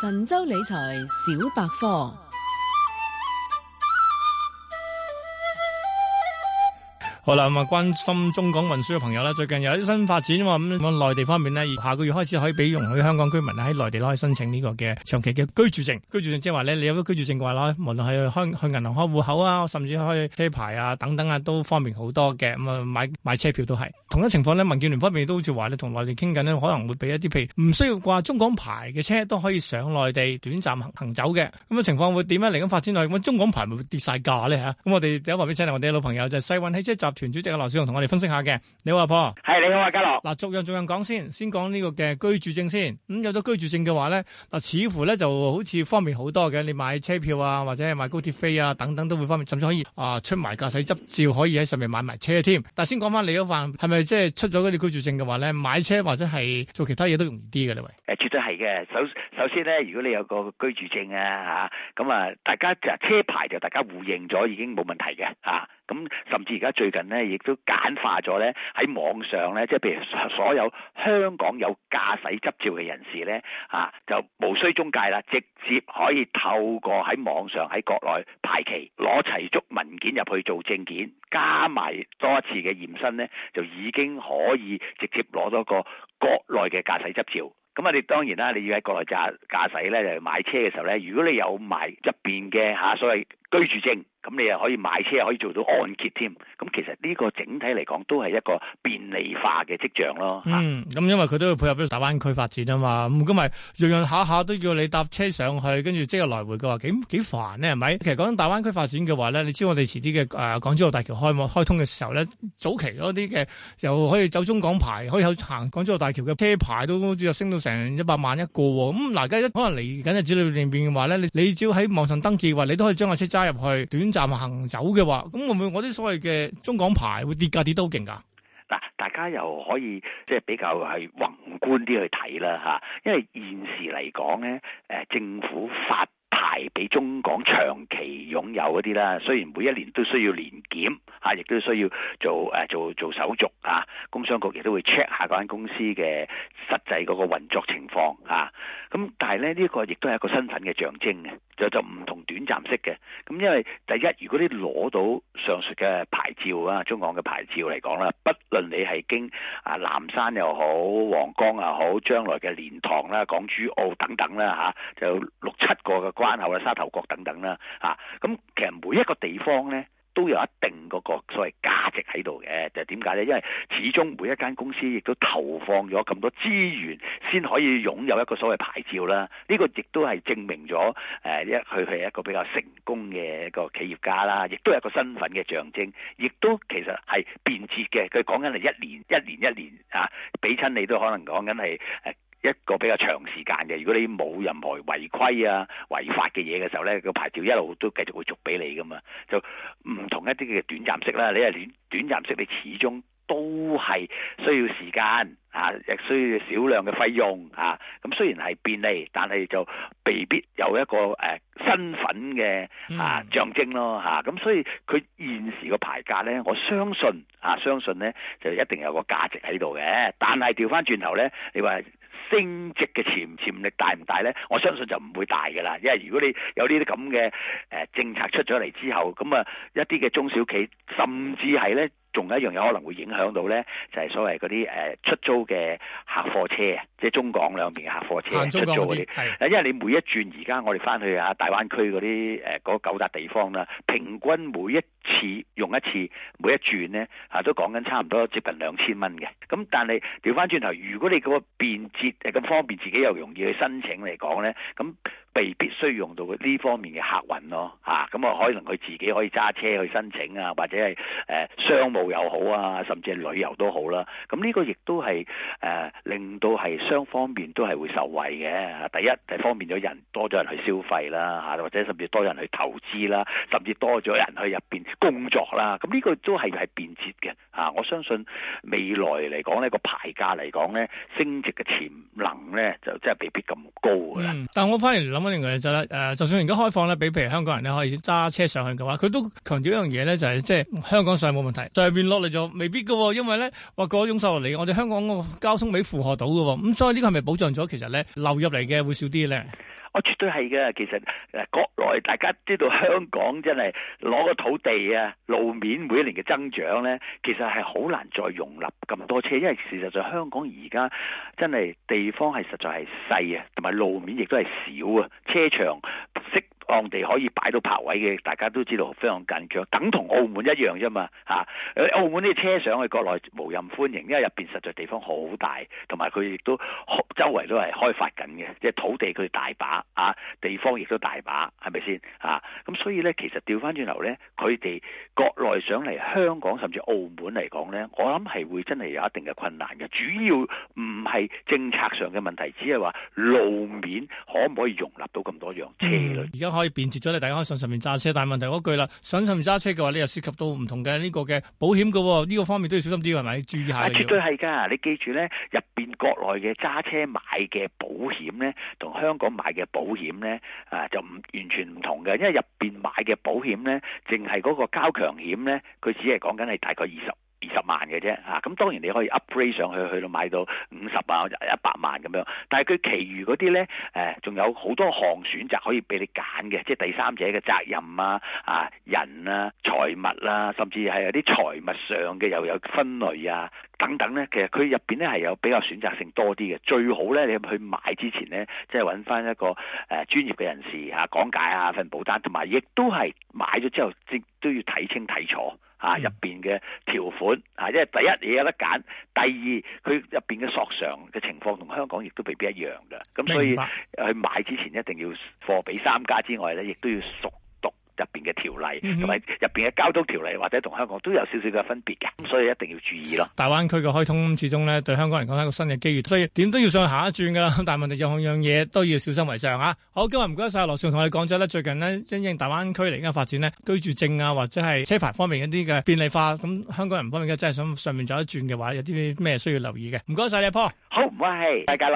神州理財小百科。好啦，咁啊關心中港運輸嘅朋友啦，最近又有啲新發展啊，咁、嗯、內地方面呢，下個月開始可以俾容許香港居民喺內地都可以申請呢個嘅長期嘅居住證。居住證即係話咧，你有咗居住證嘅話咧，無論係去銀行開戶口啊，甚至開車牌啊等等啊，都方便好多嘅。咁、嗯、啊，買買車票都係同一情況呢，民建聯方面都好似話咧，同內地傾緊呢，可能會俾一啲譬如唔需要掛中港牌嘅車都可以上內地短暫行走嘅。咁、嗯、嘅情況會點咧？嚟緊發展落去，中港牌會跌晒價呢？吓？咁我哋喺旁邊聽下我哋老朋友就係世運汽車集團。團主席嘅羅少雄同我哋分析下嘅。你好阿婆。係，你好啊，家樂。嗱，逐樣逐樣講先，先講呢個嘅居住證先。咁、嗯、有咗居住證嘅話咧，嗱、呃，似乎咧就好似方便好多嘅。你買車票啊，或者買高鐵飛啊，等等都會方便。甚至可以啊、呃，出埋駕駛執照，可以喺上面買埋車添。但係先講翻你嗰份，係咪即係出咗嗰啲居住證嘅話咧，買車或者係做其他嘢，都容易啲嘅你喂？誒，絕對係嘅。首首先咧，如果你有個居住證啊，吓咁啊，大家就車牌就大家互認咗，已經冇問題嘅，吓、啊。咁甚至而家最近咧，亦都簡化咗咧喺網上咧，即係譬如所有香港有駕駛執照嘅人士咧，吓、啊、就無需中介啦，直接可以透過喺網上喺國內排期攞齊足文件入去做證件，加埋多一次嘅驗身咧，就已經可以直接攞到個國內嘅駕駛執照。咁啊，你當然啦，你要喺國內駕駕駛咧，就買車嘅時候咧，如果你有埋入邊嘅吓所謂居住證。咁你又可以買車，又可以做到按揭添。咁其實呢個整體嚟講，都係一個便利化嘅跡象咯。咁、嗯嗯、因為佢都要配合呢個大灣區發展啊嘛。咁咪樣樣下下都要你搭車上去，跟住即係來回嘅話，幾幾煩呢？係咪？其實講緊大灣區發展嘅話咧，你知我哋遲啲嘅誒港珠澳大橋開開通嘅時候咧，早期嗰啲嘅又可以走中港牌，可以有行港珠澳大橋嘅車牌都好似又升到成一百萬一個喎。咁、嗯、嗱，而、嗯、家可能嚟緊嘅資料裏面嘅話咧，你只要喺網上登記嘅話，你都可以將架車揸入去短站行走嘅話，咁會唔會我啲所謂嘅中港牌會跌價跌得好勁噶？嗱，大家又可以即係比較係宏觀啲去睇啦吓，因為現時嚟講咧，誒，政府發牌俾中港長期擁有嗰啲啦，雖然每一年都需要年檢。啊，亦都需要做誒做做手續啊，工商局亦都會 check 下嗰間公司嘅實際嗰個運作情況啊。咁但係咧呢個亦都係一個身份嘅象徵嘅，就就唔同短暫式嘅。咁因為第一，如果你攞到上述嘅牌照啊，中港嘅牌照嚟講啦，不論你係經啊南山又好、黃江又好，將來嘅蓮塘啦、港珠澳等等啦嚇，就有六七個嘅關口啦、沙頭角等等啦嚇，咁其實每一個地方咧。都有一定嗰個所謂價值喺度嘅，就點解呢？因為始終每一間公司亦都投放咗咁多資源，先可以擁有一個所謂牌照啦。呢、這個亦都係證明咗誒，一佢係一個比較成功嘅一個企業家啦，亦都係一個身份嘅象徵，亦都其實係便捷嘅。佢講緊，係一年一年一年啊，俾親你都可能講緊，係、啊、誒。一個比較長時間嘅，如果你冇任何違規啊違法嘅嘢嘅時候呢，個牌照一路都繼續會續俾你噶嘛，就唔同一啲嘅短暫式啦。你係短短暫式，你始終都係需要時間啊，亦需要少量嘅費用啊。咁雖然係便利，但係就未必，必有一個誒、啊、身份嘅啊象徵咯嚇。咁、啊、所以佢現時個牌價呢，我相信啊，相信呢就一定有個價值喺度嘅。但係調翻轉頭呢，你話，升值嘅潛潛力大唔大呢？我相信就唔會大噶啦，因為如果你有呢啲咁嘅誒政策出咗嚟之後，咁啊一啲嘅中小企，甚至係呢，仲有一樣有可能會影響到呢，就係所謂嗰啲誒出租嘅客貨車，即係中港兩邊嘅客貨車出租嗰啲，因為你每一轉而家我哋翻去啊大灣區嗰啲誒嗰九笪地方啦，平均每一次用一次，每一轉咧嚇都講緊差唔多接近兩千蚊嘅。咁但係調翻轉頭，如果你個便捷誒咁方便，自己又容易去申請嚟講咧，咁未必需要用到呢方面嘅客運咯嚇。咁啊，啊，啊，啊，可能佢自己可以揸車去申請啊，或者係誒、呃、商務又好啊，甚至係旅遊都好啦、啊。咁呢個亦都係誒令到係雙方面都係會受惠嘅嚇。第一係方便咗人，多咗人去消費啦嚇、啊，或者甚至多咗人去投資啦，甚至多咗人去入邊。工作啦，咁呢個都係係便捷嘅，我相信未來嚟講呢、那個牌價嚟講呢，升值嘅潛能呢，就真係未必咁高嘅、嗯。但我反而諗緊另外嘅就啦，就算而家開放呢，畀譬如香港人呢，可以揸車上去嘅話，佢都強調一樣嘢呢，就係即係香港上冇問題，係變落嚟就是、未必㗎喎。因為呢，話嗰種受入嚟，我哋香港個交通未負荷到㗎喎，咁所以呢個係咪保障咗其實呢，流入嚟嘅會少啲呢？我、哦、絕對係嘅，其實誒國內大家知道香港真係攞個土地啊，路面每一年嘅增長呢，其實係好難再容納咁多車，因為事實上香港而家真係地方係實在係細啊，同埋路面亦都係少啊，車場。當地可以擺到泊位嘅，大家都知道非常緊張，等同澳門一樣啫嘛吓、啊、澳門啲車上去國內無任歡迎，因為入面實在地方好大，同埋佢亦都周圍都係開發緊嘅，即係土地佢大把啊，地方亦都大把，係咪先？咁所以呢，其實調翻轉頭呢，佢哋國內上嚟香港甚至澳門嚟講呢，我諗係會真係有一定嘅困難嘅，主要唔係政策上嘅問題，只係話路面可唔可以容納到咁多樣車類。嗯可以便捷咗你，大家可以上上面揸車，但係問題嗰句啦，上上面揸車嘅話，你又涉及到唔同嘅呢、呢個嘅保險嘅呢個方面都要小心啲，係咪注意下。絕對係噶，你記住咧，入邊國內嘅揸車買嘅保險咧，同香港買嘅保險咧，啊、呃、就唔完全唔同嘅，因為入邊買嘅保險咧，淨係嗰個交強險咧，佢只係講緊係大概二十。二十萬嘅啫嚇，咁、啊、當然你可以 upgrade 上去去到買到五十萬或者一百萬咁樣。但係佢其餘嗰啲呢，誒、呃、仲有好多項選擇可以俾你揀嘅，即係第三者嘅責任啊、啊人啊、財物啊，甚至係有啲財物上嘅又有分類啊等等呢。其實佢入邊呢，係有比較選擇性多啲嘅。最好呢，你去買之前呢，即係揾翻一個誒專、呃、業嘅人士嚇講、啊、解下、啊、份保單，同埋亦都係買咗之後即都要睇清睇楚。啊！入面嘅條款啊，因為第一你有得揀，第二佢入面嘅索償嘅情況同香港亦都未必一樣嘅，咁所以去買之前一定要貨比三家之外咧，亦都要熟。入面嘅條例同埋入面嘅交通條例，或者同香港都有少少嘅分別嘅，所以一定要注意咯。大灣區嘅開通，始終咧對香港嚟講係一個新嘅機遇，所以點都要上去行一轉噶啦。但係問題有樣嘢都要小心為上嚇啊。好，今日唔該晒羅少同我哋講咗咧，最近呢，因應大灣區嚟嘅發展呢，居住證啊或者係車牌方面一啲嘅便利化，咁香港人方面真係想上面走一轉嘅話，有啲咩需要留意嘅？唔該晒，你阿好，唔該，大家